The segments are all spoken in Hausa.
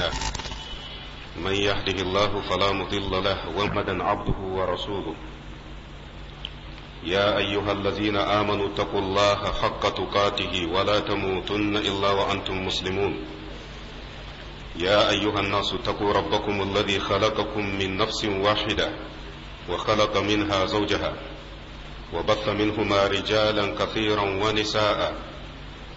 الله من يهده الله فلا مضل له ومدا عبده ورسوله يا أيها الذين آمنوا اتقوا الله حق تقاته ولا تموتن إلا وأنتم مسلمون يا أيها الناس اتقوا ربكم الذي خلقكم من نفس واحدة وخلق منها زوجها وبث منهما رجالا كثيرا ونساء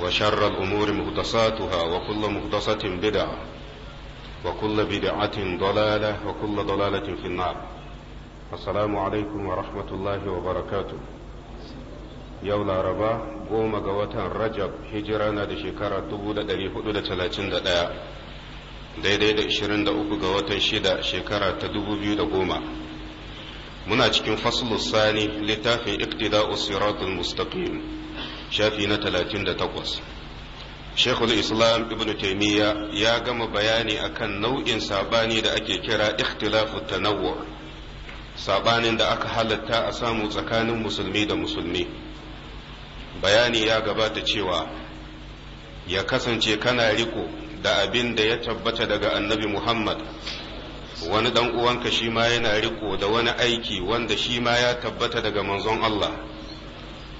وشر الأمور مهدساتها وكل مهدسة بدعة وكل بدعة ضلالة وكل ضلالة في النار السلام عليكم ورحمة الله وبركاته yau laraba goma ga watan rajab hijira na da shekara 431 daidai da 23 ga watan shida shekara ta goma. muna cikin faslus sani littafin iktida'us siratul mustaqim shafi na takwas. shekul islam ibn taimiyya ya gama bayani akan nau'in sabani da ake kira ikhtilafu tanawwu sabanin da aka halatta a samu tsakanin musulmi da musulmi bayani ya gabata cewa ya kasance kana riƙo da abin da ya tabbata daga annabi muhammad wani dan uwanka shi ma yana riko da wani aiki wanda shi ma ya tabbata daga manzon Allah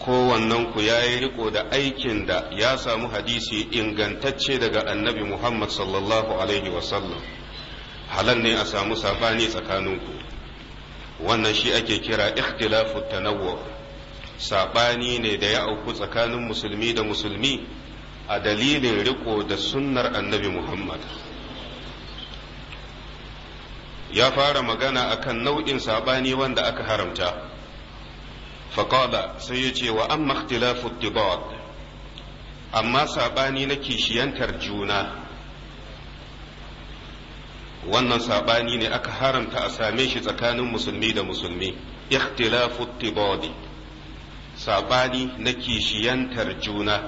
kowannen ku ya yi riko da aikin da ya samu hadisi ingantacce daga annabi Muhammad sallallahu alaihi wasallam halal ne a samu sabani tsakaninku wannan shi ake kira ikhtilafu tanawwu sabani ne da ya auku tsakanin musulmi da musulmi a dalilin riko da sunnar annabi Muhammad ya fara magana akan nau'in saɓani wanda aka haramta faƙala sai ya cewa wa amma ikhtilafu tibad amma saɓani na kishiyantar juna wannan saɓani ne aka haramta a same shi tsakanin musulmi da musulmi ikhtilafu tibadi saɓani na kishiyantar juna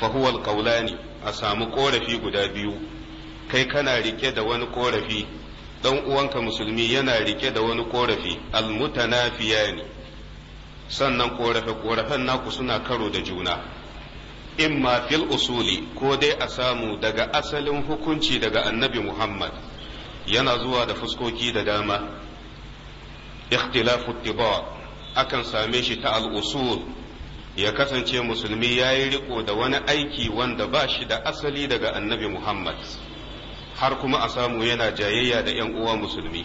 fahuwal ƙaulani a samu ƙorafi guda biyu kai kana riƙe da wani ƙorafi ɗan uwanka musulmi yana rike da wani ƙorafi almutanafiya ne sannan korafe-korafen naku suna karo da juna imma fil usuli ko dai a samu daga asalin hukunci daga annabi muhammad yana zuwa da fuskoki da dama ikhtilafu tiba akan same shi ta al'usul ya kasance musulmi ya yi riko da wani aiki wanda ba shi da asali daga annabi muhammad har kuma a samu yana jayayya da 'yan uwa musulmi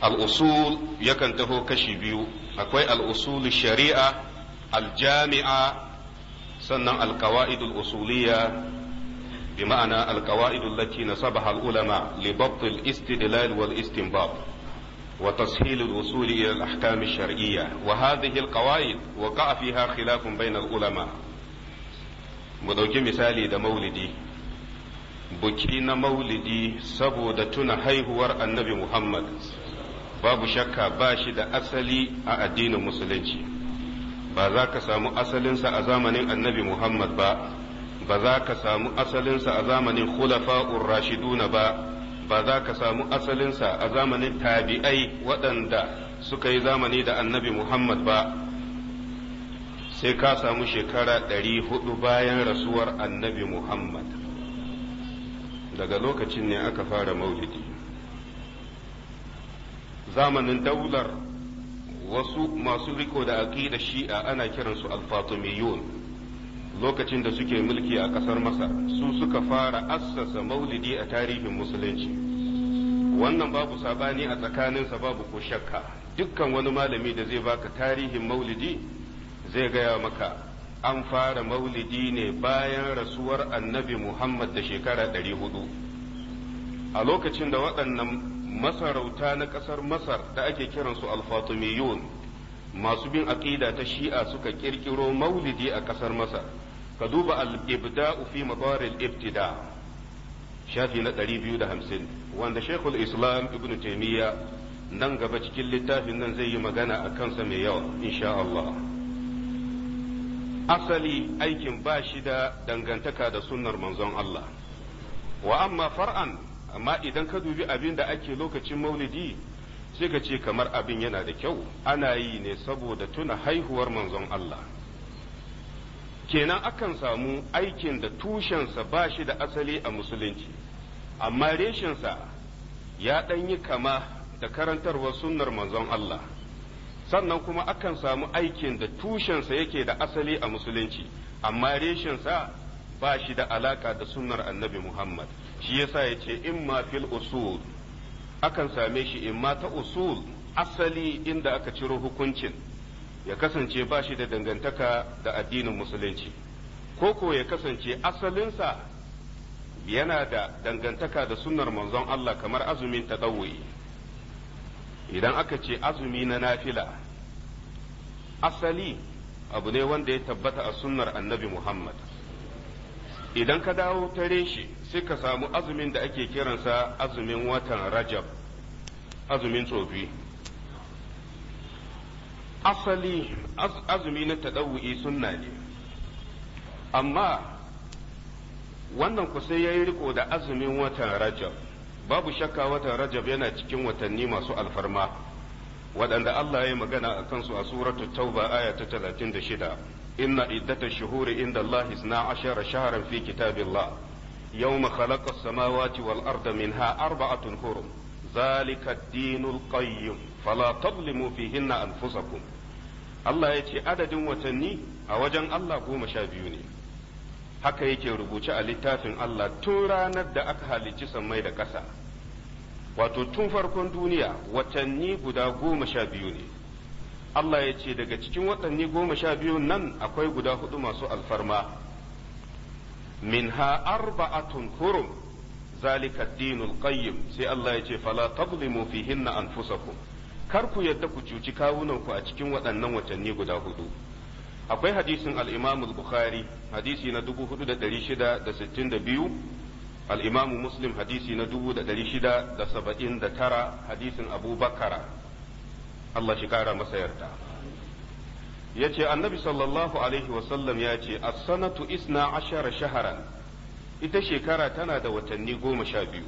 al'usul yakan taho kashi biyu akwai al'usuli shari'a aljami'a sannan alkawa'idul usuliya bi ma'ana alkawa'idul lati nasabaha al'ulama wal istinbab وتسهيل الوصول إلى الأحكام الشرعية وهذه القواعد وقع فيها خلاف بين العلماء مدوكي مثالي دا مولدي بكينا مولدي سبو دا تنا haihuwar النبي محمد babu shakka ba shi da asali a addinin musulunci ba za ka samu asalinsa a zamanin annabi muhammad ba ba za ka samu asalinsa a zamanin khulafa'ur rashiduna ba ba za ka samu asalinsa a zamanin tabi'ai waɗanda suka yi zamani da annabi muhammad ba sai ka samu shekara ɗari hudu bayan rasuwar annabi muhammad daga lokacin ne aka fara maulidi zamanin daular wasu masu riko da aqida shi'a ana kiransu al-fatimiyun lokacin da suke mulki a kasar masar su suka fara assasa maulidi a tarihin musulunci wannan babu sabani a tsakaninsa babu ko shakka dukkan wani malami da zai baka tarihin maulidi zai gaya maka an fara maulidi ne bayan rasuwar annabi muhammad da shekara 400 a lokacin da waɗannan masarauta na ƙasar masar da ake kiransu alfatumiyun masu bin aƙida ta shi'a suka ƙirƙiro maulidi a ƙasar masar ka duba al-ibda'u fi mabaril ibtida shafi na 250 wanda shekul islam ibn taimiyya nan gaba cikin littafin nan zai yi magana a kansa mai yawa insha Allah asali aikin ba shi da dangantaka da sunnar manzon Allah wa amma far'an amma idan ka dubi abin da ake lokacin maulidi sai ka ce kamar abin yana da kyau ana yi ne saboda tuna haihuwar manzon Allah kenan akan samu aikin da tushensa ba shi da asali a musulunci amma reshensa ya ɗan yi kama da karantarwar sunnar manzon Allah sannan kuma akan samu aikin da tushensa yake da asali a musulunci amma reshensa ba shi da alaka da sunnar annabi Muhammad shi yasa in ma fil usul akan same shi imma ta usul asali inda aka ciro hukuncin ya kasance ba shi da dangantaka da addinin musulunci ko ko ya kasance asalinsa yana da dangantaka da sunnar manzon Allah kamar azumin tadawwi idan aka ce azumi na nafila asali abu ne wanda ya tabbata a sunnar annabi Muhammad idan ka dawo ta reshe sai ka samu azumin da ake kiransa azumin watan rajab azumin tsofi asali azumi na taɗawu'i sunna ne amma wannan ku sai ya yi riko da azumin watan rajab babu shakka watan rajab yana cikin watanni masu alfarma waɗanda Allah ya yi magana a kansu a suratul tauba aya ta 36 inna iddata shuhuri inda Allah isna ashara shaharan fi Yau yawma khalaqa as-samawati wal arda minha arba'atun hurum zalika ad-dinul qayyim fala tadlimu fihinna anfusakum Allah ya ce adadin watanni a wajen Allah goma sha biyu ne haka yake rubuce a littafin Allah tun ranar da aka halicci sammai da ƙasa wato tun farkon duniya watanni guda goma sha biyu ne Allah ya ce daga cikin watanni goma sha biyu nan akwai guda hudu masu alfarma minha arba'atun hurum zalika dinul qayyim sai Allah ya ce fala tadlimu fihinna anfusakum kar ku yadda ku cuci kawunanku a cikin waɗannan watanni guda hudu akwai hadisin al-Imam al-Bukhari hadisi na 4662 al-Imam Muslim hadisi na tara hadisin Abu Allah shi kara masa yarda ya ce annabi sallallahu alaihi wasallam ya ce as-sanatu isna ashara shaharan ita shekara tana da watanni goma sha biyu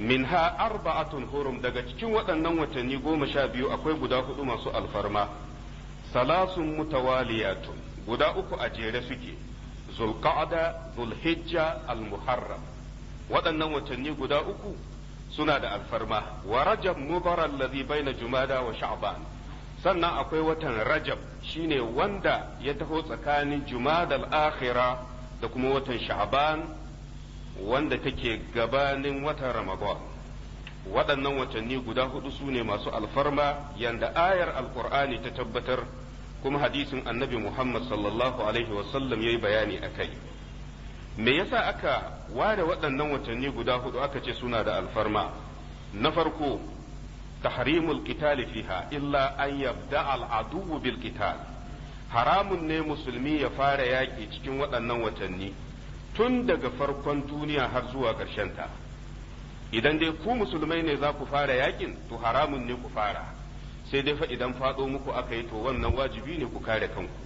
minha arba'atun hurum daga cikin waɗannan watanni goma sha biyu akwai guda hudu masu alfarma salasun mutawaliyatun guda uku a jere suke zulqa'da zulhijja al-muharram waɗannan watanni guda uku suna da alfarma wa rajab mubarak ladhi baina jumada wa sha'ban sannan akwai watan rajab shine wanda ya taho tsakanin jumada al-akhira da kuma watan sha'ban wanda take gabanin watan ramadan waɗannan watanni guda hudu sune masu alfarma yanda ayar alkur'ani ta tabbatar kuma hadisin annabi muhammad sallallahu alaihi wasallam ya yi bayani a kai me yasa aka ware waɗannan watanni guda hudu aka ce suna da alfarma na farko tahrimul qital fiha illa an yabda al adu bil qital haramun ne musulmi ya fara yaƙi cikin waɗannan watanni tun daga farkon duniya har zuwa ƙarshen ta idan dai ku musulmai ne za ku fara yakin to haramun ne ku fara sai dai fa idan faɗo muku aka yi to wannan wajibi ne ku kare kanku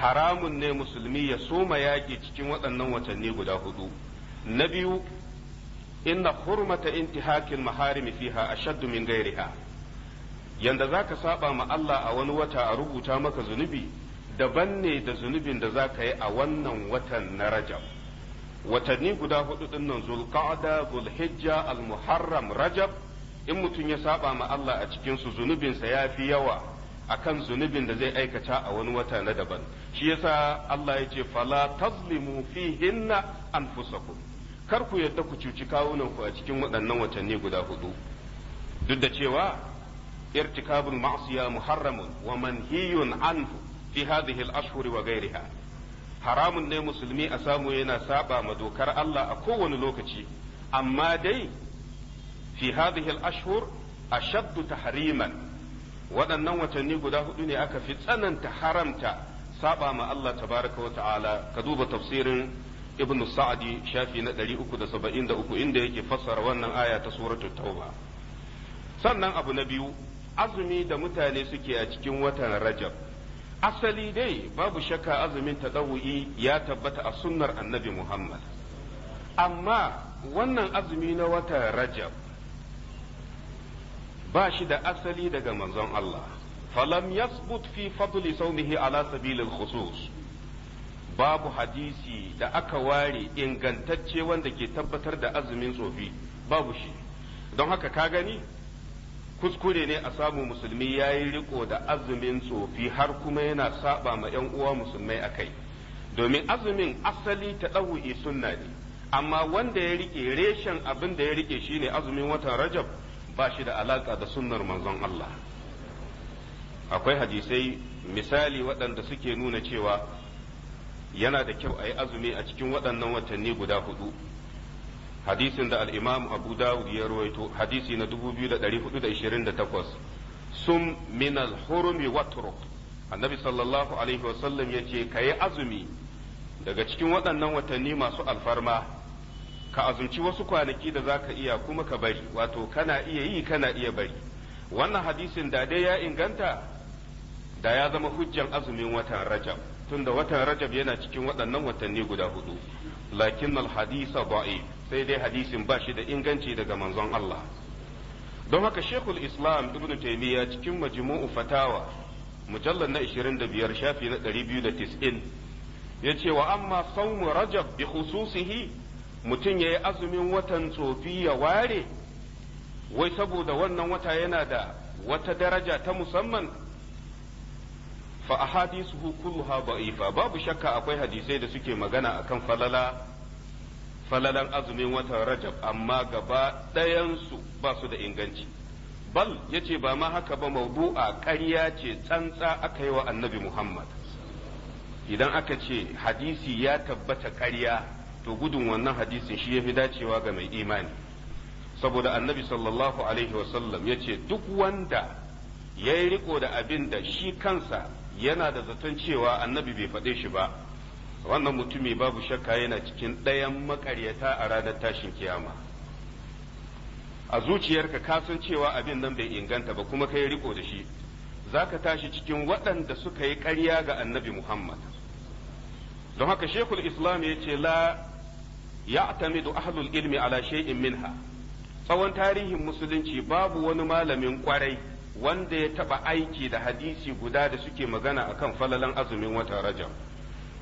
haramun ne musulmi ya soma yaƙi cikin waɗannan watanni guda hudu na biyu inna hurmata intihakin maharimi fiha shaddu min gairiha yanda ka saba ma Allah a wani wata a rubuta maka zunubi daban ne da zunubin da za ka yi a wannan watan na Rajab watanni guda hudu ɗin nan zulqa'da zulhijja almuharram rajab in mutum ya saba ma Allah a cikin su zunubinsa fi yawa akan zunubin da zai aikata a wani wata na daban shi yasa Allah ya ce fala tazlimu fihinna anfusakum kar ku yadda ku cuci kawunan ku a cikin waɗannan watanni guda hudu duk da cewa irtikabul ma'siya muharramun wa manhiyun anhu fi hadhihi al-ashhur wa ghayriha haramun ne musulmi a samu yana saba ma dokar Allah a kowane lokaci amma dai fi hadhihi al-ashhur ashaddu tahriman waɗannan watanni guda hudu ne aka fi tsananta haramta saba ma Allah tabaraka wa ta'ala ka duba tafsirin ibn sa'adi shafi na 373 inda yake fassara wannan aya ta suratu tauba sannan abu na biyu azumi da mutane suke a cikin watan rajab asali dai babu shakka azumin tadawu'i ya tabbata a sunnar annabi muhammad amma wannan azumi na watan rajab ba shi da asali daga manzon Allah falam yasbut fi fadli saumihi ala sabilil khusus babu hadisi da aka ware ingantacce wanda ke tabbatar da azumin tsofi babu shi don haka ka gani kuskure ne a samu musulmi ya yi riko da azumin tsofi har kuma yana saba ma 'yan uwa musulmai a kai domin azumin asali ta ɗahu'i sunna ne amma wanda ya rike reshen abin da ya rike shine azumin watan rajab ba shi da alaƙa da sunnar manzon Allah akwai hadisai misali waɗanda suke nuna cewa yana da kyau a yi azumi a cikin waɗannan watanni guda hudu hadisin da al'imam abu dawud ya rawaito hadisi na 2428 sun min al-hurumi watruk annabi sallallahu alaihi wasallam ya ce ka yi azumi daga cikin waɗannan watanni masu alfarma ka azumci wasu kwanaki da za ka iya kuma ka bari wato kana iya yi kana iya bari wannan hadisin da dai ya inganta da ya zama hujjan azumin watan rajab tunda watan rajab yana cikin waɗannan watanni guda hudu lakin hadisa ba'i sai dai hadisin ba shi da inganci daga manzon Allah don haka shekul islam ibn taimiyya cikin majmu'u fatawa mujallar na 25 shafi na 290 ya ce wa amma saumu rajab bi khususihi mutum ya yi azumin watan tsofi ya ware wai saboda wannan wata yana da wata daraja ta musamman fa a hadisu ahadisuhu kulluha da'ifa babu shakka akwai hadisai da suke magana akan falala falalan azumin watan rajab amma gaba ɗayansu ba su da inganci bal ya ce ba ma haka ba a karya ce tsantsa aka yi wa annabi muhammad idan aka ce hadisi ya tabbata ƙarya to gudun wannan hadisin shi yafi dacewa ga mai imani saboda annabi sallallahu alaihi wasallam ya ce duk wanda ya yi riko da abin da shi kansa yana da zaton cewa annabi bai faɗe shi ba wannan mutumi babu shakka yana cikin ɗayan makaryata a ranar tashin kiyama a zuciyarka ka san cewa abin nan bai inganta ba kuma ka yi riko da shi zaka tashi cikin waɗanda suka yi ƙarya ga annabi muhammad don haka shekul islam ya ce la ya'tamidu ahlul ilmi ala shay'in minha tsawon tarihin musulunci babu wani malamin kwarai wanda ya taba aiki da hadisi guda da suke magana akan falalan azumin wata rajab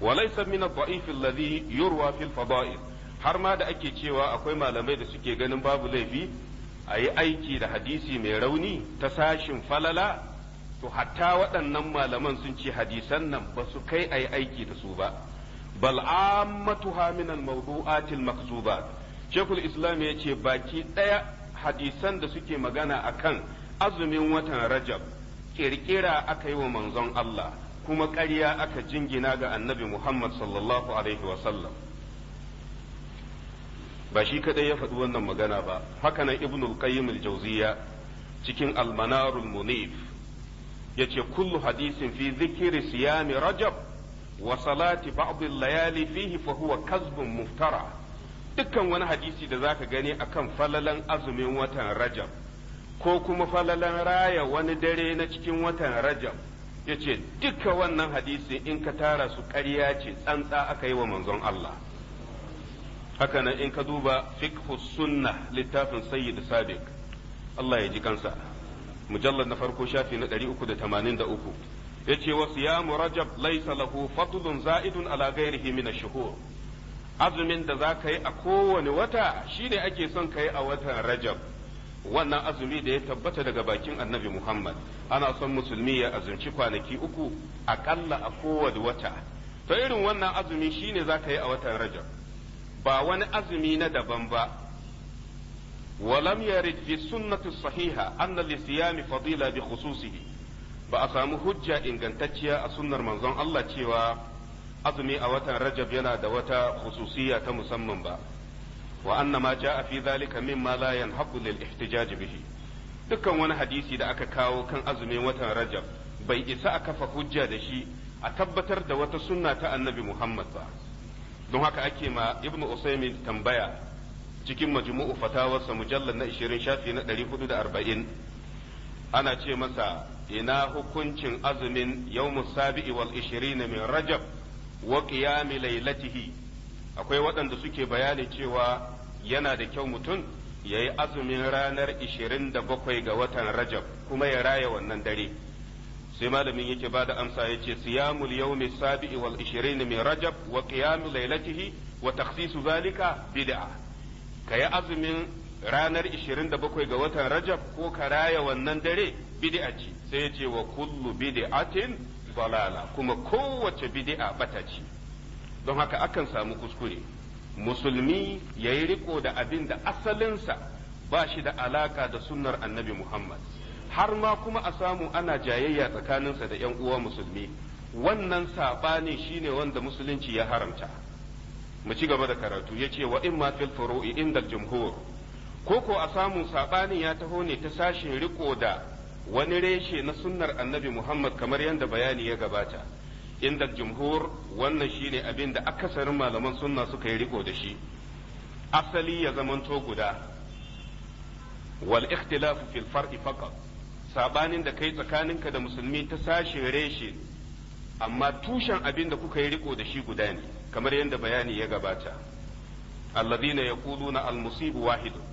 walaysa min ad-da'if alladhi yurwa fil fada'il har ma da ake cewa akwai malamai da suke ganin babu laifi ayi aiki da hadisi mai rauni ta sashin falala to hatta waɗannan malaman sun ce hadisan nan ba su kai ayi aiki da su ba bal ammatuha min al mawdu'at al islam ya ce baki ɗaya hadisan da suke magana akan azumin watan rajab ƙirƙira aka yi wa manzon Allah kuma karya aka jingina ga annabi Muhammad sallallahu alaihi wasallam ba shi kadai ya faɗi wannan magana ba haka nan ibn al-qayyim al cikin al-manarul munif yace kullu hadisin fi dhikri siyami rajab Wasalati salati ba'd layali fihi fa huwa muftara dukkan wani hadisi da zaka gani akan falalan azumin watan rajab ko kuma falalan raya wani dare na cikin watan rajab yace duka wannan hadisi in ka tara su ƙarya ce tsantsa aka yi wa manzon Allah hakanan in ka duba fikhu sunna littafin sayyid sabiq Allah ya ji kansa mujallad na farko shafi na 383 yace wa siyamu rajab laysa lahu fadlun za'idun ala ghairihi min ash-shuhur azumin da zaka yi a kowane wata shine ake son kai a watan rajab wannan azumi da ya tabbata daga bakin annabi Muhammad ana son musulmi ya azumci kwanaki uku akalla a kowane wata to irin wannan azumi shine zaka yi a watan rajab ba wani azumi na daban ba ولم يرد في السنة الصحيحة أن للصيام فضيلة بخصوصه ba a samu hujja ingantacciya a sunnar manzon Allah cewa azumi a watan Rajab yana da wata khususiyya ta musamman ba wa anna ma jaa fi dhalika mimma la yanhaqu lil ihtijaj bihi dukkan wani hadisi da aka kawo kan azumin watan Rajab bai isa a kafa hujja da shi a tabbatar da wata sunna ta Annabi Muhammad ba don haka ake ma Ibn Usaymin tambaya cikin majmu'u fatawarsa mujallal na 20 shafi na 440 ana ce masa ina hukuncin azumin yawmus sabi'i wal 20 min rajab wa qiyami laylatihi akwai waɗanda suke bayani cewa yana da kyau mutum ya yi azumin ranar 27 ga watan rajab kuma ya raya wannan dare sai malamin yake ba da amsa ya ce siyamul yawmi sabi'i wal 20 min rajab wa qiyamu laylatihi wa takhsisu zalika bid'a kayi azumin ranar 27 ga watan rajab ko ka raya wannan dare bid'a ce sai ya ce wa kullu bid'atin dalala kuma kowace bid'a bata ce don haka akan samu kuskure musulmi yayi riko da abin da asalinsa ba shi da alaka da sunnar annabi muhammad har ma kuma a samu ana jayayya tsakaninsa da yan uwa musulmi wannan saɓani shine wanda musulunci ya haramta mu ci gaba da karatu yace wa in ma fil furu'i inda jumhur ko ko a samu sabanin ya taho ne ta sashin riko da wani reshe na sunnar annabi Muhammad kamar yadda bayani ya gabata inda jumhur wannan shine abin da akasarin malaman sunna suka yi riko da shi asali ya zamanto guda wal ikhtilafu fil far'i faqat sabanin da kai tsakaninka da musulmi ta sashe reshe amma tushen abin da kuka yi riko da shi guda ne kamar yadda bayani ya gabata alladhina yaquluna al musibu wahidun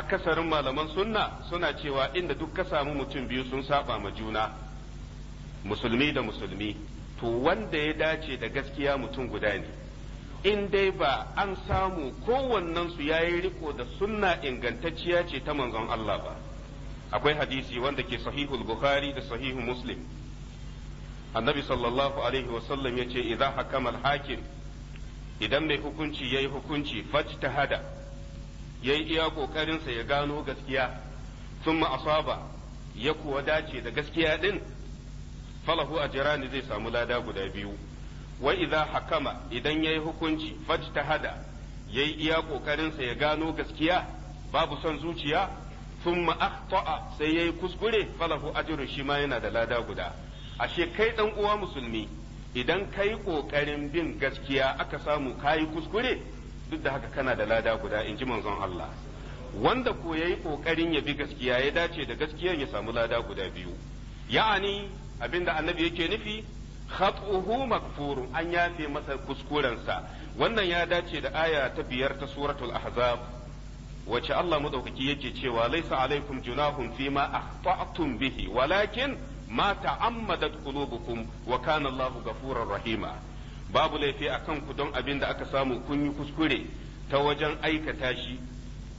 akasarin malaman sunna suna cewa inda duk ka samu mutum biyu sun saba ma juna musulmi da musulmi to wanda ya dace da gaskiya mutum guda ne in dai ba an samu su ya yi riko da sunna ingantacciya ce ta manzon Allah ba akwai hadisi wanda ke sahihul bukhari da sahihu muslim annabi sallallahu alaihi wasallam ya ce idan hakim idan mai hukunci yayi hukunci fajtahada hada ya yi iya ƙoƙarinsa ya gano gaskiya sun asaba ya kuwa dace da gaskiya ɗin falahu a jirani zai samu lada guda biyu wa idza hakama idan ya yi hukunci fajtahada ya yi iya ƙoƙarinsa ya gano gaskiya babu son zuciya sun akhta'a sai ya yi kuskure falahu ajrun shi ma yana da lada guda ashe kai ɗan uwa musulmi idan kai ƙoƙarin bin gaskiya aka samu kayi kuskure duk da haka kana da lada guda in ji manzon Allah wanda ko yayi kokarin ya bi gaskiya ya dace da gaskiyar ya samu lada guda biyu ya'ani abinda annabi yake nufi khatuhu makfurun an yafe masa kuskurensa wannan ya dace da aya ta biyar ta suratul ahzab wace Allah madaukaki yake cewa laisa alaikum junahun fima akhta'tum bihi walakin ma ta'ammadat qulubukum wa kana Allahu ghafurur rahima babu laifi a kanku don abin da aka samu kun yi kuskure ta wajen aikata shi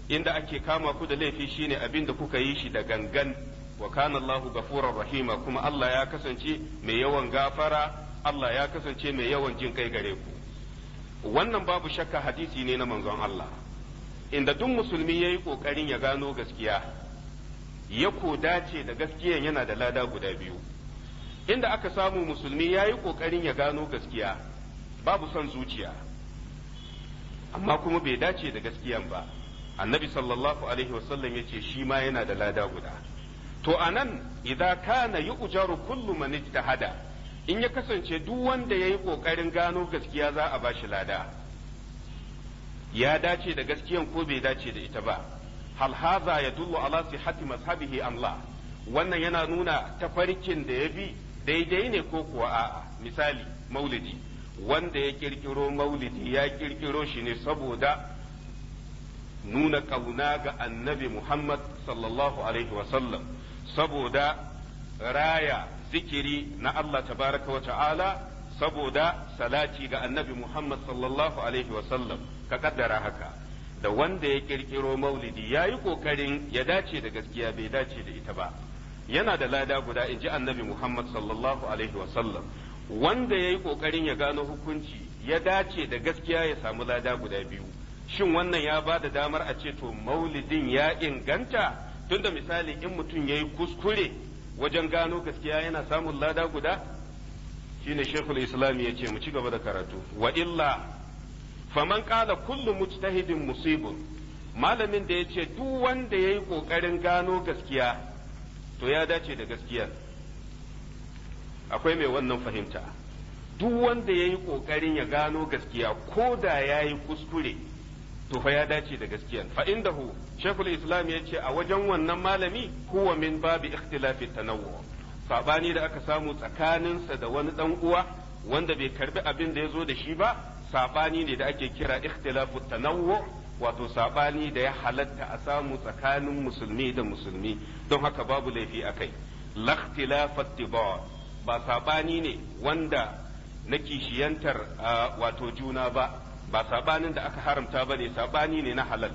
inda ake kama ku da laifi shine abin da kuka yi shi da gangan wa kana Allahu gafurar rahima kuma Allah ya kasance mai yawan gafara Allah ya kasance mai yawan jin kai gare ku wannan babu shakka hadisi ne na manzon Allah inda duk musulmi yayi kokarin ya gano gaskiya ya ko dace da gaskiyan yana da lada guda biyu inda aka samu musulmi yayi kokarin ya gano gaskiya babu son zuciya amma kuma bai dace da gaskiya ba annabi sallallahu alaihi wasallam ya ce shi ma yana da lada guda to anan idan kana yi ujaru kullu man ijtahada in ya kasance duk wanda yayi kokarin gano gaskiya za a bashi lada ya dace da gaskiyan ko bai dace da ita ba hal hadha yadullu ala sihhati mazhabihi am wannan yana nuna tafarkin da ya bi daidai ne ko kuwa a'a misali maulidi wanda ya kirkiro maulidi ya kirkiro shi ne saboda nuna kauna ga annabi Muhammad sallallahu alaihi wasallam saboda raya zikiri na Allah tabaraka wa ta'ala saboda salati ga annabi Muhammad sallallahu alaihi wasallam ka kaddara haka da wanda ya kirkiro maulidi ya yi kokarin ya dace da gaskiya bai dace da ita ba yana da lada guda in ji annabi Muhammad sallallahu alaihi wasallam wanda ya yi ƙoƙarin ya gano hukunci ya dace da gaskiya ya samu lada guda biyu shin wannan ya ba da damar a ce to maulidin ya inganta tunda misali in mutum ya yi kuskure wajen gano gaskiya yana samun lada guda shine shekul islam ya ce mu ci gaba da karatu wa illa faman kala kullum mujtahidin musibun malamin da ya ce duk wanda ya yi ƙoƙarin gano gaskiya to ya dace da gaskiya. akwai mai wannan fahimta duk wanda ya yi ƙoƙarin ya gano gaskiya ko da ya yi kuskure to fa ya dace da gaskiyan fa hu shaykhul islam ya ce a wajen wannan malami huwa min babi ikhtilafi tanawwu sabani da aka samu tsakaninsa da wani dan uwa wanda bai karbi abin da ya zo da shi ba sabani ne da ake kira ikhtilafu tanawwu wato sabani da ya halatta a samu tsakanin musulmi da musulmi don haka babu laifi akai la ikhtilafu ba sabani ne wanda na kishiyantar wato juna ba ba sabanin da aka haramta ba ne saɓani ne na halal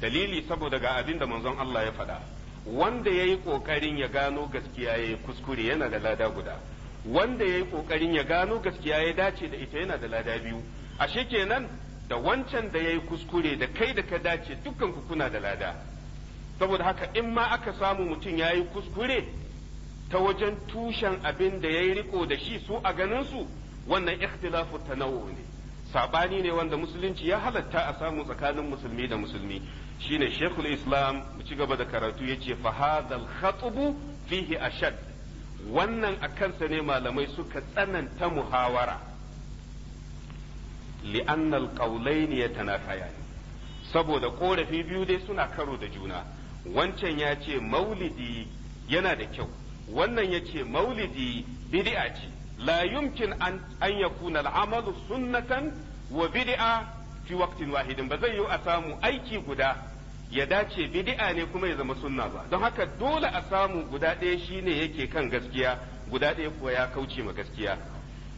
dalili saboda ga abin da manzon Allah ya faɗa wanda ya yi ƙoƙarin ya gano gaskiya ya yi kuskure yana da lada guda wanda ya yi ƙoƙarin ya gano gaskiya ya dace da ita yana da lada biyu ashe kenan da wancan da ya yi kuskure da kai da ka dace dukkan ku kuna da lada saboda haka in ma aka samu mutum ya yi kuskure ta wajen tushen abin da ya yi riko da shi su a ganinsu wannan ikhtilafu tanawu ne sabani ne wanda musulunci ya halatta a samu tsakanin musulmi da musulmi shine shekul islam mu ci gaba da karatu ya ce fahadal khatubu fihi ashad wannan a kansa ne malamai suka tsananta muhawara tana kaya ne. saboda korafi biyu dai suna karo da juna wancan ya ce maulidi yana da kyau wannan yace maulidi bid'a ce la yumkin an an yakuna al'amalu sunnatan wa bid'a fi waqtin wahidin ba zai yi a samu aiki guda ya dace bid'a ne kuma ya zama sunna ba don haka dole a samu guda ɗaya shine yake kan gaskiya guda ɗaya kuwa ya kauce ma gaskiya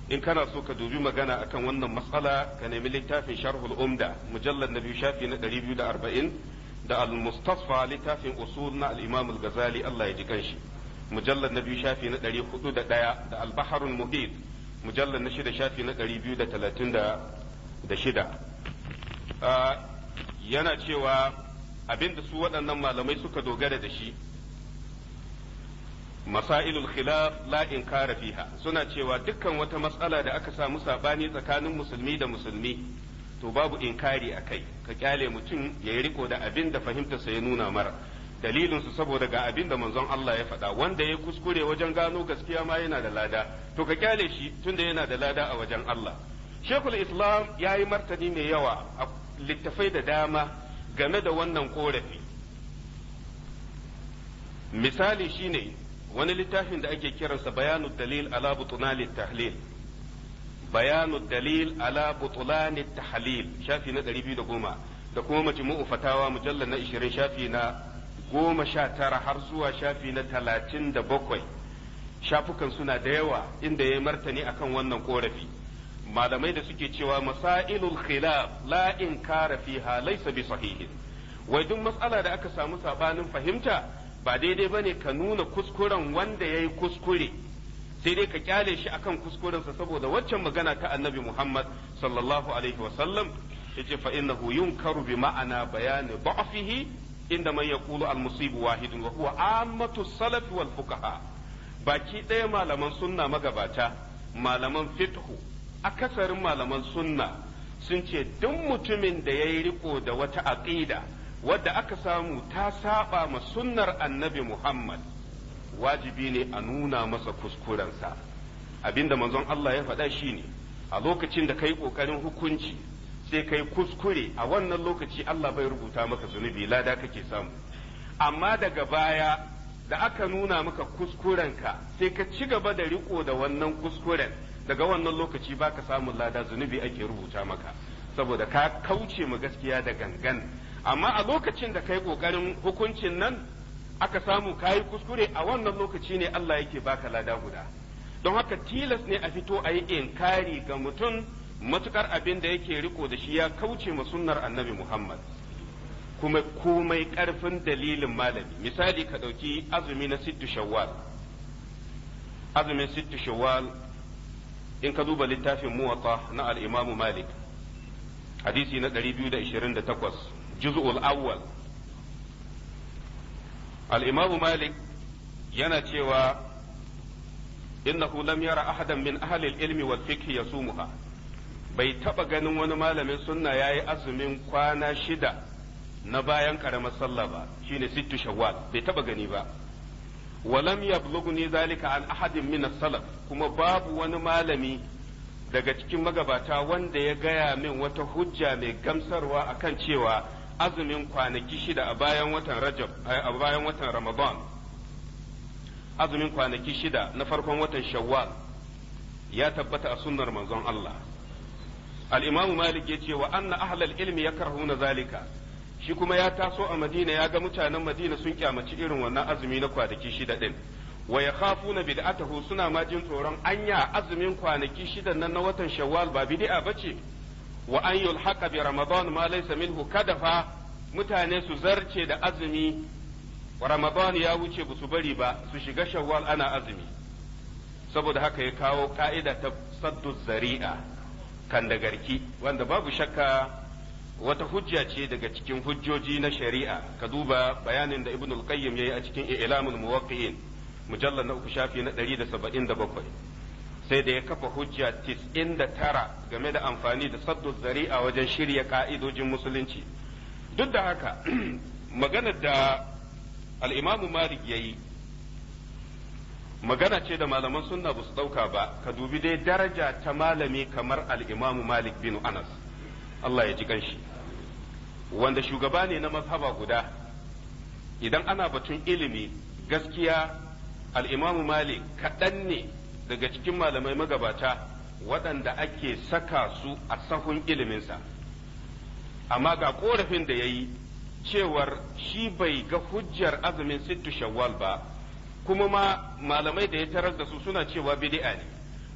in kana so ka dubi magana akan wannan matsala ka nemi littafin sharhul umda mujallar na biyu shafi na 240 da al-mustasfa littafin usul na al-imam al-ghazali Allah ya ji kanshi mujallar na biyu shafi na ɗari hudu da ɗaya da albaharul muhit mujallar na shida shafi na ɗari biyu da talatin da shida ah, yana cewa abinda su waɗannan malamai suka dogara da shi masailul khilaf la fiha suna cewa dukkan wata matsala da aka samu sabani tsakanin musulmi da musulmi to babu inkari a kai ka kyale mutum ya yi riƙo da abin da fahimtarsa ya nuna mara dalilinsu saboda ga abin da manzon Allah ya faɗa wanda ya kuskure wajen gano gaskiya ma yana da lada to ka kyale shi tunda yana da lada a wajen Allah Shekul Islam ya yi martani mai yawa a littafai da dama game da wannan korafi misali shine wani littafin da ake kiransa bayanu dalil ala butunali tahlil bayanu dalil ala butulani tahlil shafi na 210 da kuma mace fatawa mujallar na 20 shafi na goma sha tara har zuwa shafi na talatin da bakwai shafukan suna da yawa inda ya martani akan wannan korafi malamai da suke cewa masailul khilaf la kara fiha laysa bi sahihin wai duk matsala da aka samu sabanin fahimta ba daidai bane ka nuna kuskuren wanda yayi kuskure sai dai ka kyale shi akan kuskurensa saboda waccan magana ta annabi Muhammad sallallahu alaihi wasallam yace fa innahu yunkaru bi ma'ana bayani da'fihi inda man yaqulu al musibu wahidun wa huwa ammatu salaf wal fuqaha baki ɗaya malaman sunna magabata malaman fiqhu akasarin malaman sunna sun ce duk mutumin da yayi riko da wata aqida wadda aka samu ta saba ma sunnar annabi Muhammad wajibi ne a nuna masa kuskurensa abinda manzon Allah ya faɗa shine a lokacin da kai kokarin hukunci sai kai kuskure a wannan lokaci Allah bai rubuta maka zunubi lada kake samu amma daga baya da aka nuna maka kuskurenka sai ka ci gaba da riko da wannan kuskuren daga wannan lokaci baka samun lada zunubi ake rubuta maka saboda ka kauce ma gaskiya da gangan amma a lokacin da kai kokarin hukuncin nan aka samu kayi kuskure a wannan lokaci ne Allah yake baka lada guda don haka tilas ne a fito a yi inkari ga mutum matukar abin da yake riko da shi ya kauce ma sunnar annabi Muhammad kuma komai karfin dalilin malami misali ka ɗauki azumi na sittu shawwal azumin sittu shawwal in ka duba littafin muwatta na al-imamu malik hadisi na 228 juz'ul awwal al-imamu malik yana cewa innahu lam yara ahadan min ahli al-ilmi wal fiqh yasumuha bai taba ganin wani malamin sunna ya yi azumin kwana shida na bayan karamar sallah ba ne sittu shawwal bai taba gani ba walam ni zalika an ahadin min salaf kuma babu wani malami daga cikin magabata wanda ya gaya min wata hujja mai gamsarwa akan cewa azumin kwanaki shida a bayan watan rajab a bayan watan ramadan azumin kwanaki shida na farkon watan shawwal ya tabbata a sunnar manzon Allah al-imamu malik yace wa anna ahlal ilmi yakrahuna zalika shi kuma ya taso a madina ya ga mutanen madina sun kyamaci irin wannan azumi na kwanaki shida din wa yakhafuna bid'atahu suna ma jin tsoron anya azumin kwanaki shida nan na watan shawwal ba bid'a bace wa an yulhaqa bi ramadan ma laysa minhu kadafa mutane su zarce da azumi ramadan ya wuce ba su bari ba su shiga shawwal ana azumi saboda haka ya kawo ka'ida ta saddu zari'a kandagarki wanda babu shakka wata hujja ce daga cikin hujjoji na shari'a ka duba bayanin da al qayyim yayi a cikin ilamul muwaqqi'in mujallar na uku shafi na 177 sai da ya kafa hujja 99 game da amfani da saddu zari'a wajen shirya ka'idojin musulunci duk da haka maganar da al-imamu malik yayi magana ce da malaman sunna ba su ɗauka ba ka dubi dai daraja ta malami kamar al'imamu malik bin anas Allah ya ji kanshi wanda shugaba ne na mazhaba guda idan ana batun ilimi gaskiya al'imamu malik kaɗan ne daga cikin malamai magabata waɗanda ake saka su a sahun iliminsa amma ga korafin da ya yi cewar shi bai ga hujjar azumin sittu shawwal ba kuma ma malamai da ya tarar da su suna cewa bidi'a ne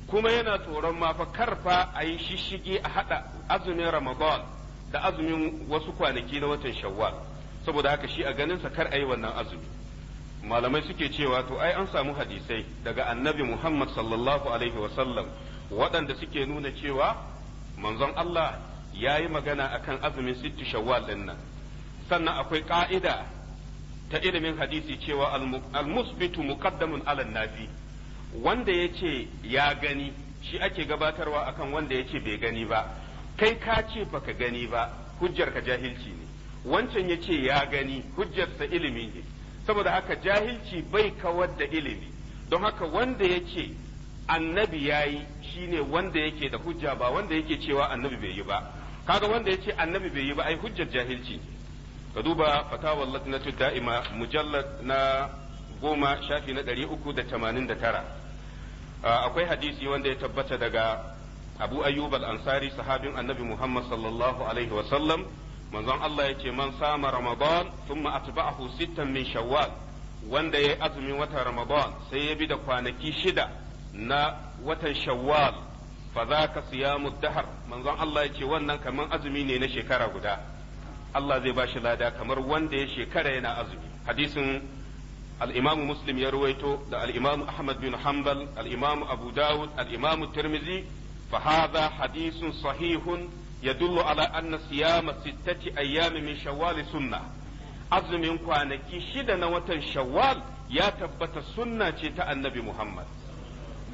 kuma yana tsoron ma fa karfa a yi shishige a haɗa azumin ramadan da azumin wasu kwanaki na watan shawwal saboda haka shi a ganin sa kar a yi wannan azumi malamai suke cewa to ai an samu hadisai daga annabi muhammad sallallahu alaihi wasallam waɗanda suke nuna cewa manzon allah ya yi magana akan azumin sittu shawwal ɗin nan sannan akwai ƙa'ida ta ilimin hadisi cewa almusbitu muqaddamun ala nafi wanda yace ya gani shi ake gabatarwa akan wanda yace bai gani ba kai ka ce baka gani ba hujjar ka jahilci ne wancan yace ya gani hujjarsa ilimi ne saboda haka jahilci bai kawar da ilimi don haka wanda yace annabi yayi shine wanda yake da hujja ba wanda yake cewa annabi bai yi ba kaga wanda yace annabi bai yi ba ai hujjar jahilci ne ka duba fatawar lajnatu da'ima mujallar na goma shafi na ɗari uku da tamanin da tara ah, akwai hadisi wanda ya tabbata daga abu ayyub al-ansari sahabin annabi muhammad sallallahu alaihi wa sallam manzon Allah ya ce man sama ramadan thumma atba'ahu sittan min shawwal wanda ya azumin watan ramadan sai ya bi da kwanaki shida na watan shawwal fa za ka siyamu dahar manzon Allah ya ce wannan kamar azumi ne na shekara guda Allah zai ba shi lada kamar wanda ya shekara yana azumi hadisin al-Imam Muslim ya ruwaito da al Ahmad bin Hanbal al-Imam Abu Dawud al-Imam Tirmidhi fa hadha hadisun sahihun yadullu ala anna siyama sittati ayyamin min shawwal sunnah azumin kwanaki shida na watan shawwal ya tabbata sunna ce ta annabi Muhammad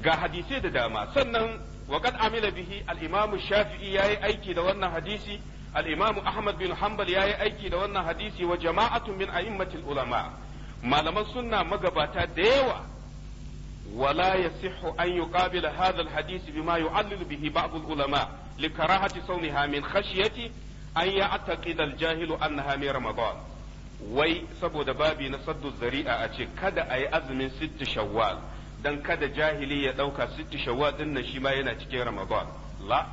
ga hadisai da dama sannan wa kad amila bihi al-Imam Shafi'i yayi aiki da wannan hadisi al-Imam Ahmad bin ya yi aiki da wannan hadisi wa jama'atun min a a'immatil ulama malaman sunna magabata da yawa ولا يصح أن يقابل هذا الحديث بما يعلل به بعض العلماء لكراهة صومها من خشية أن يعتقد jahilu أنها من رمضان wai saboda babi na saddu zari'a a ce kada a yi azumin sittu shawwal dan kada jahili ya ɗauka sittu shawwal din nan shi ma yana cikin ramadan la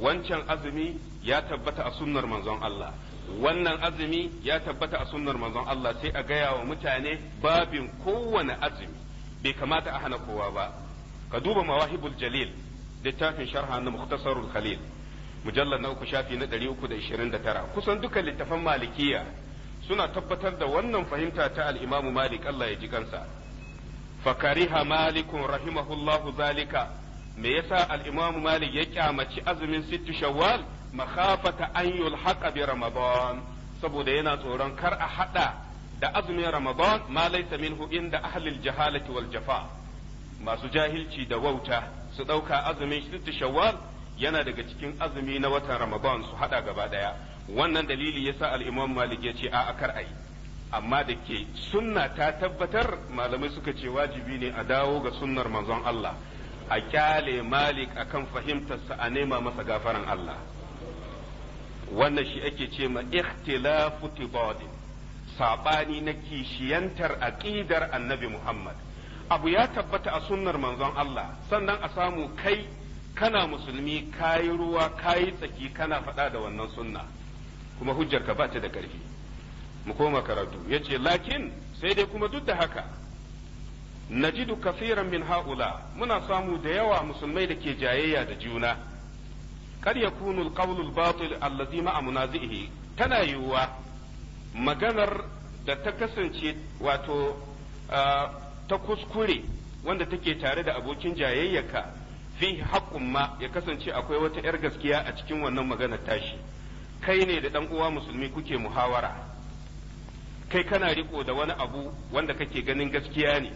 wancan azumi ya tabbata a sunnar manzon Allah wannan azumi ya tabbata a sunnar manzon Allah sai a gaya wa mutane babin kowane azumi bai kamata a hana kowa ba ka duba mawahibul jalil littafin sharha na mukhtasarul khalil mujallar na uku shafi na 329 kusan duka littafan malikiya suna tabbatar da wannan fahimta ta al-imamu malik Allah ya ji kansa fakariha malikun rahimahullahu zalika me yasa al-Imam Malik ya kyamaci azumin sittu Shawwal makhafata an yulhaqa bi Ramadan saboda yana tsoron kar a hada da azumin Ramadan ma laysa minhu inda ahlil jahalati wal jafa masu jahilci da wauta su dauka azumin sittu Shawwal yana daga cikin azumi na watan Ramadan su hada gaba daya wannan dalili yasa al-Imam Malik ya ce a'a kar ayi amma da ke sunna ta tabbatar malamai suka ce wajibi ne a dawo ga sunnar manzon Allah a kyale malik akan fahimtarsa a nema masa gafaran Allah wannan shi ake ce ma ikhtilafu tibadin sabani na kishiyantar aqidar annabi Muhammad abu ya tabbata a sunnar manzon Allah sannan a samu kai kana musulmi kayi ruwa kayi tsaki kana faɗa da wannan sunna kuma hujjarka ba ta da ƙarfi mu koma karatu yace lakin sai dai kuma duk da haka najidu kafiran min haula muna samu da yawa musulmai da ke jayayya da juna kar yakunu alqawlu albatil allazi ma munazihi tana yiwuwa maganar da ta kasance wato ta kuskure wanda take tare da abokin jayayyaka fi haƙƙun ma ya kasance akwai wata 'yar gaskiya a cikin wannan maganar tashi kai ne da ɗan uwa musulmi kuke muhawara kai kana riko da wani abu wanda kake ganin gaskiya ne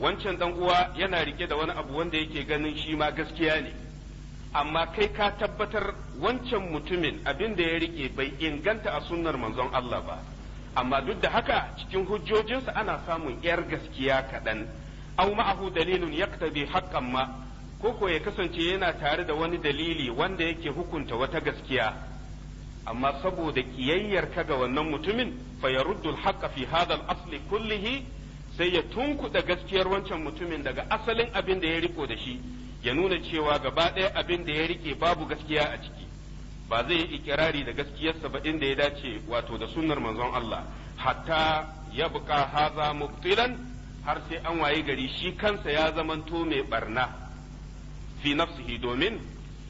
wancan dan uwa yana rike da wani abu wanda yake ganin shi ma gaskiya ne amma kai ka tabbatar wancan mutumin abin da ya rike bai inganta a sunnar manzon Allah ba amma duk da haka cikin hujjojinsa ana samun yar gaskiya kaɗan au ma'ahu dalilun yaqtabi haqqan ma ko ko ya kasance yana tare da wani dalili wanda yake hukunta wata gaskiya amma saboda kiyayyar ka ga wannan mutumin fa yaruddu al-haqqa fi hadha al-asli kullihi sai ya tunkuɗa gaskiyar wancan mutumin daga asalin abin da ya riko da shi ya nuna cewa gaba ɗaya abin da ya rike babu gaskiya a ciki ba zai yi ikirari da gaskiyarsa ba inda ya dace wato da sunnar manzon Allah hatta ya buƙa haza muktilan har sai an waye gari shi kansa ya zamanto mai barna fi nafsihi domin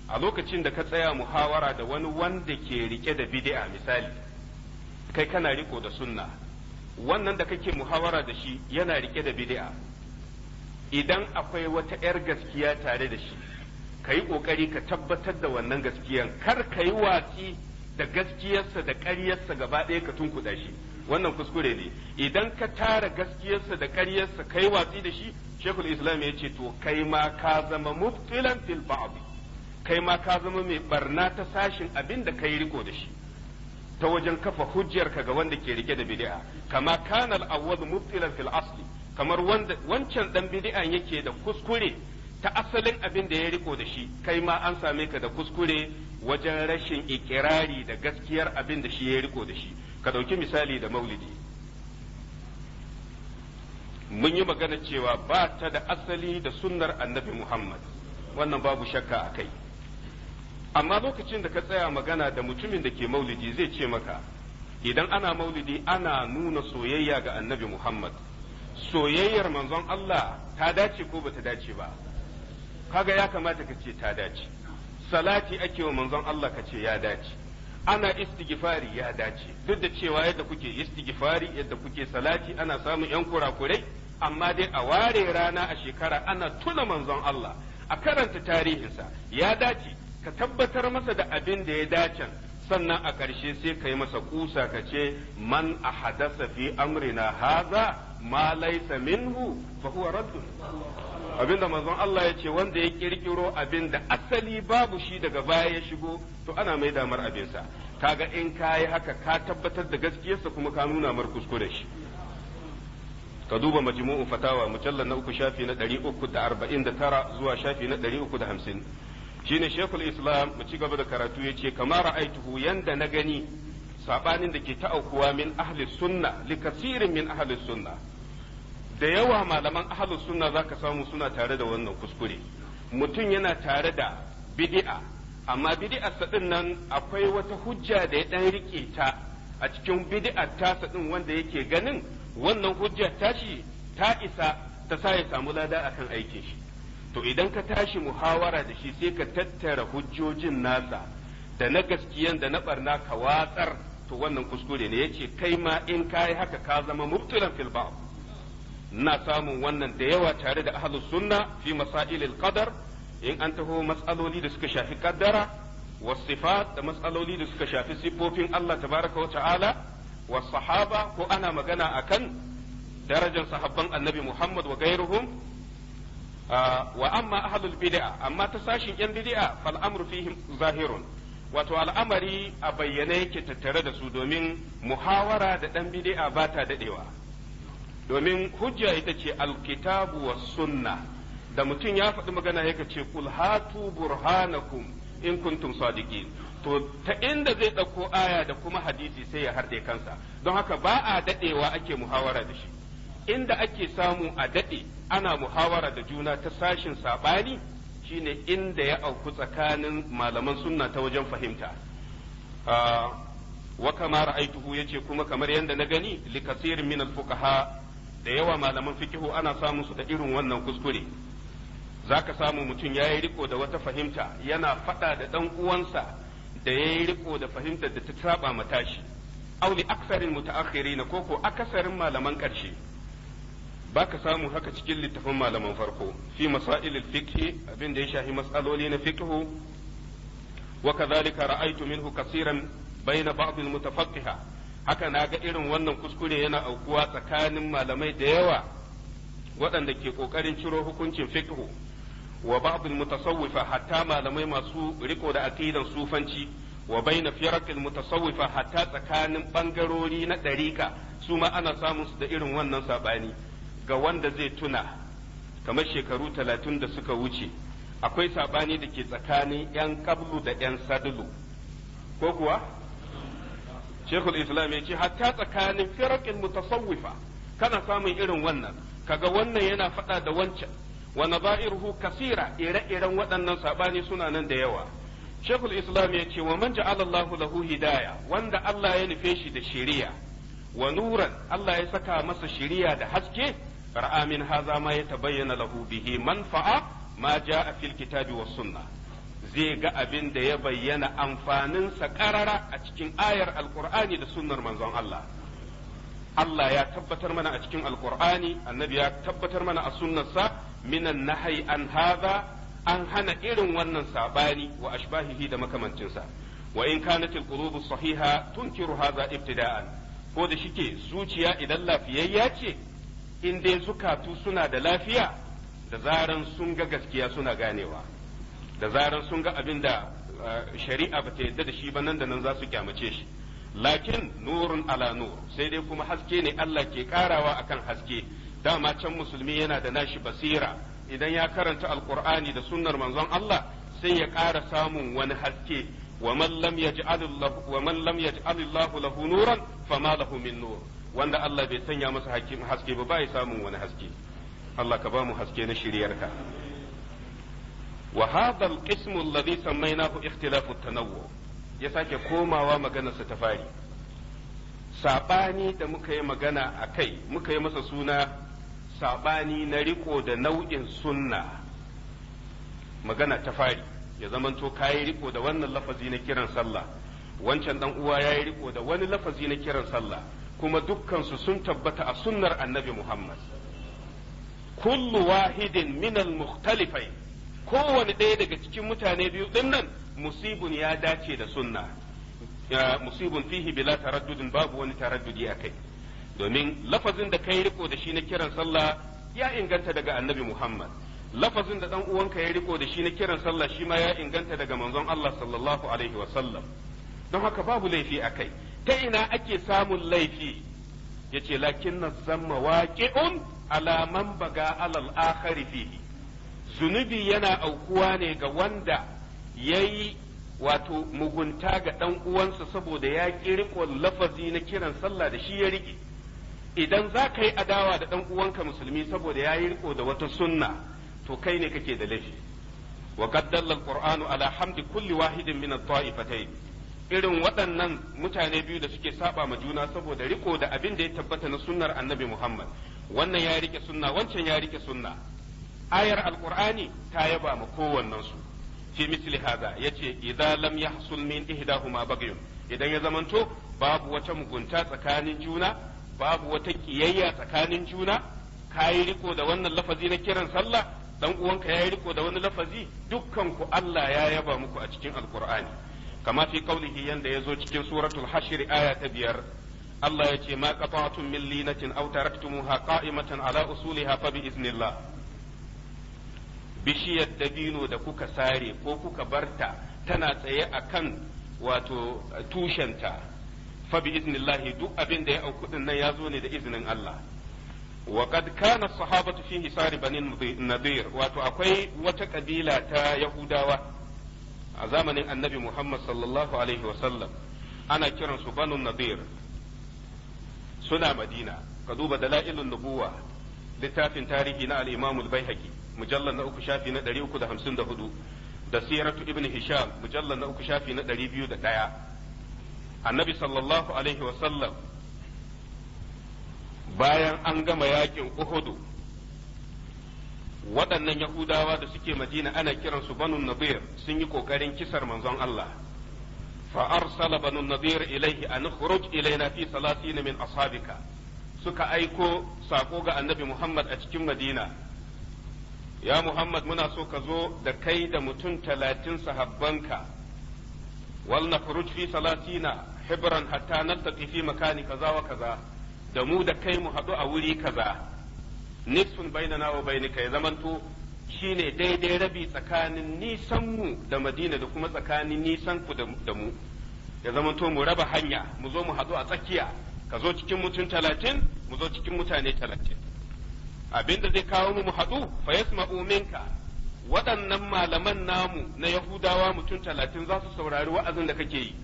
a lokacin da ka tsaya muhawara da wani wanda ke rike da bid'a misali kai kana riko da sunna wannan da kake muhawara da shi yana rike da bid'a idan akwai wata 'yar gaskiya tare da shi ka yi ƙoƙari ka tabbatar da wannan gaskiyan kar ka yi watsi da gaskiyarsa da ƙaryarsa gaba ɗaya ka tunkuɗa shi wannan kuskure ne idan ka tara gaskiyarsa da ƙaryarsa ka yi watsi da shi shekul islam ya ce to kai ma ka zama mubtilan fil ba'd kai ma ka zama mai barna ta sashin abin da ka yi riko da shi ta wajen kafa hujjarka ga wanda ke rike da bid'a kama kana al-awwal mubtilan fil asli kamar wanda wancan dan bid'an yake da kuskure ta asalin abin da ya riko da shi kai ma an same ka da kuskure wajen rashin ikirari da gaskiyar abin da shi ya riko da shi ka dauki misali da maulidi mun yi magana cewa ba ta da asali da sunnar annabi Muhammad wannan babu shakka a kai amma lokacin da ka tsaya magana da mutumin da ke maulidi zai ce maka idan ana maulidi ana nuna soyayya ga annabi Muhammad soyayyar manzon Allah ta dace ko bata dace ba kaga ya kamata ka ce ta dace salati ake wa manzon Allah ka ce ya dace ana istighfari ya dace duk da cewa yadda kuke istighfari yadda kuke salati ana samun yan kurakurai amma dai a ware rana a shekara ana tuna manzon Allah a karanta tarihinsa ya dace ka tabbatar masa da abin da ya dace sannan a ƙarshe sai ka yi masa kusa ka ce man a hadasa fi amrina haza ma laisa minhu fa huwa raddun abinda manzon Allah ya ce wanda ya kirkiro abin da asali babu shi daga baya ya shigo to ana mai damar abinsa kaga in ka haka ka tabbatar da gaskiyarsa kuma ka nuna mar kuskure shi ka duba majmu'u fatawa mujallal na uku shafi na 349 zuwa shafi na 350 shine shekul islam mu ci gaba da karatu ya ce kama ra'aituhu yanda na gani saɓanin da ke ta'aukuwa min ahli sunna min ahli sunna da yawa malaman ahli sunna za ka samu suna tare da wannan kuskure mutum yana tare da bidi'a amma bidi'ar saɗin nan akwai wata hujja da ya ɗan rike ta a cikin bid'ar ta din wanda yake ganin wannan hujjar shi ta isa ta sa ya samu lada akan aikin shi to idan ka tashi muhawara da shi sai ka tattara hujjojin nasa da na gaskiyan da na barna ka watsar to wannan kuskure ne yace kai ma in kai haka ka zama mubtilan fil ba'd na samun wannan da yawa tare da ahlus sunna fi masailil qadar in an taho matsaloli da suka shafi kaddara wasifa da matsaloli da suka shafi siffofin Allah tabaraka wa ta'ala sahaba ko ana magana akan darajar sahabban annabi Muhammad wa gairuhum wa amma ahlul bid'a amma ta sashin yan bid'a fal amru fihim zahirun wato al'amari a bayyane yake tattare da su domin muhawara da dan bid'a ba ta dadewa domin hujja ita ce alkitabu was sunna da mutum ya faɗi magana yake ce kul hatu burhanakum in kuntum sadiqin to ta inda zai ɗauko aya da kuma hadisi sai ya harde kansa don haka ba a dadewa ake muhawara da shi inda ake samu a daɗe ana muhawara da juna ta sashin saɓani shine inda ya auku tsakanin malaman sunna ta wajen fahimta ah, wa kama ra'aituhu yace kuma kamar yadda na gani li kasirin min al-fuqaha da yawa malaman fikihu ana samun su da irin wannan kuskure zaka samu mutum yayi riko da wata fahimta yana fada da dan uwansa da yayi riko da fahimtar da ta saba matashi auli aksarin mutaakhirin ko ko akasarin malaman karshe baka samu haka cikin littafin malaman farko fi masail al-fiqh abin da ya shafi masaloli na fiqh wa kadhalika ra'aytu minhu kaseeran bayna ba'd al-mutafaqqiha haka ga irin wannan kuskure yana aukuwa tsakanin malamai da yawa waɗanda ke ƙoƙarin ciro hukuncin fiqh wa ba'd al-mutasawwifa hatta malamai masu riko da aqidan sufanci wa bayna firaq al-mutasawwifa hatta tsakanin bangarori na ɗarika su ma ana samun su da irin wannan sabani ga wanda zai tuna kamar shekaru talatin da suka wuce akwai sabani da ke tsakanin 'yan kablu da 'yan sadulu ko kuwa shekul islam ya ce hatta tsakanin firakin mutasawwifa kana samun irin wannan kaga wannan yana faɗa da wancan wa nadairuhu kasira ire-iren waɗannan sabani suna nan da yawa shekul islam ya ce wa man ja'ala lahu hidaya wanda Allah ya nufe shi da shiriya wa nuran Allah ya saka masa shiriya da haske ra'a min haza ma bayyana lahu bihi manfa'a ma jaa fil kitabi was sunnah zai ga abin da ya bayyana amfaninsa ƙarara a cikin ayar alkur'ani da sunnar manzon Allah. Allah ya tabbatar mana a cikin alkur'ani annabi ya tabbatar mana a sunnarsa minan nahai an haza an hana irin wannan sabani wa ashbahihi da makamancinsa wa in kanat alqulubu sahiha tunkiru haza ibtida'an ko da shike zuciya idan lafiyayya ce in dai zukatu suna da lafiya da zaran sun ga gaskiya suna ganewa da zaran sun ga abin da eh, shari'a ba ta yadda da shi ba nan da nan za su kyamace shi lakin nurun ala nur sai dai kuma haske ne Allah ke karawa akan haske dama can musulmi yana da nashi basira idan ya karanta alqur'ani da sunnar manzon Allah sai ya ƙara samun wani haske wa man lam yaj'alillahu lahu nuran fama lahu min nur wanda Allah bai sanya masa haske ba ya samun wani haske Allah ka ba mu haske na shiryarka wa hadha al-qism alladhi sammaynahu ikhtilafu at-tanawwu ya sake komawa maganarsa ta fari sabani da muka yi magana a kai muka yi masa suna sabani na riko da nau'in sunna magana ta fari ya zamanto kayi riko da wannan lafazi na kiran sallah wancan dan uwa yayi riko da wani lafazi na kiran sallah kuma dukkansu sun tabbata a sunnar annabi Muhammad. Kullu wahidin minal mukhtalifai kowane ɗaya daga cikin mutane biyu ɗin nan musibun ya dace da sunna. Musibun fihi bila taraddudin babu wani taraddudi a kai. Domin lafazin da kai riko da shi na kiran sallah ya inganta daga annabi Muhammad. Lafazin da ɗan uwanka ya riko da shi na kiran sallah shi ma ya inganta daga manzon Allah sallallahu alaihi wa sallam. Don haka babu laifi a kai. ta ina ake samun laifi yace lakin na zamma waqi'un ala baga alal akhari fihi zunubi yana aukuwa ne ga wanda yayi wato mugunta ga dan uwansa saboda ya riƙon lafazi na kiran sallah da shi ya riƙe idan za ka yi adawa da dan uwanka musulmi saboda ya yi riko da wata sunna to kai ne kake da laifi wa qad dalla ala hamdi kulli wahidin min at-ta'ifatayn irin waɗannan mutane biyu da suke saba ma juna saboda riko da abin da ya tabbata na sunnar annabi Muhammad wannan ya rike sunna wancan ya rike sunna ayar alqur'ani ta yaba ma kowannen su fi misli hada yace idza lam yahsul min ihdahuma bagyun idan ya zamanto babu wata mugunta tsakanin juna babu wata kiyayya tsakanin juna kai riko da wannan lafazi na kiran sallah dan uwanka yayi riko da wani lafazi dukkan ku Allah ya yaba muku a cikin alqur'ani kama fi qawlihi ya zo cikin suratul hashr aya ta biyar Allah ya ce ma qata'tum min linatin aw taraktumuha qa'imatan ala usuliha fa bi iznillah bishiyar dabino da kuka sare ko kuka barta tana tsaye akan wato tushenta fa bi iznillahi duk abinda ya auku din nan ya zo ne da iznin Allah wa qad kana sahabatu fi hisari bani nadir wato akwai wata ƙabila ta yahudawa a zamanin annabi Muhammad sallallahu alaihi wasallam ana kiransu banu nadir suna madina ka duba dala'ilun nubuwa littafin tarihi na al-imam al-baihaqi na uku shafi na 354 da siratu ibn hisham mujallar na uku shafi na 201 annabi sallallahu alaihi wasallam bayan an gama yakin uhudu waɗannan yahudawa da suke madina ana kiransu banu nadir sun yi ƙoƙarin kisar manzon Allah fa arsala banu nadir ilaihi an khuruj ilaina fi salatin min ashabika suka aiko sako ga annabi Muhammad a cikin madina ya Muhammad muna so ka zo da kai da mutum talatin sahabbanka wal nakhruj fi salatina hibran hatta naltaqi fi makani kaza wa kaza da mu da kai mu haɗu a wuri kaza nisfun bainana wa bainika ya zamanto shine daidai rabi tsakanin nisan mu da Madina da kuma tsakanin nisan ku da mu ya zamanto mu raba hanya mu zo mu haɗu a tsakiya ka zo cikin mutum talatin mu zo cikin mutane talatin abinda zai kawo mu mu haɗu fa yasma'u minka waɗannan malaman namu na Yahudawa mutum talatin za su saurari wa'azin da kake yi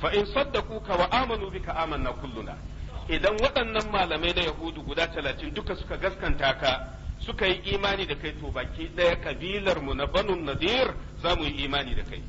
fa in saddaku ka wa amanu bika amanna kulluna idan waɗannan malamai na yahudu guda talatin duka suka gaskanta ka suka yi imani da kai to baki ɗaya kabilar mu na banun nadir za mu yi imani da kai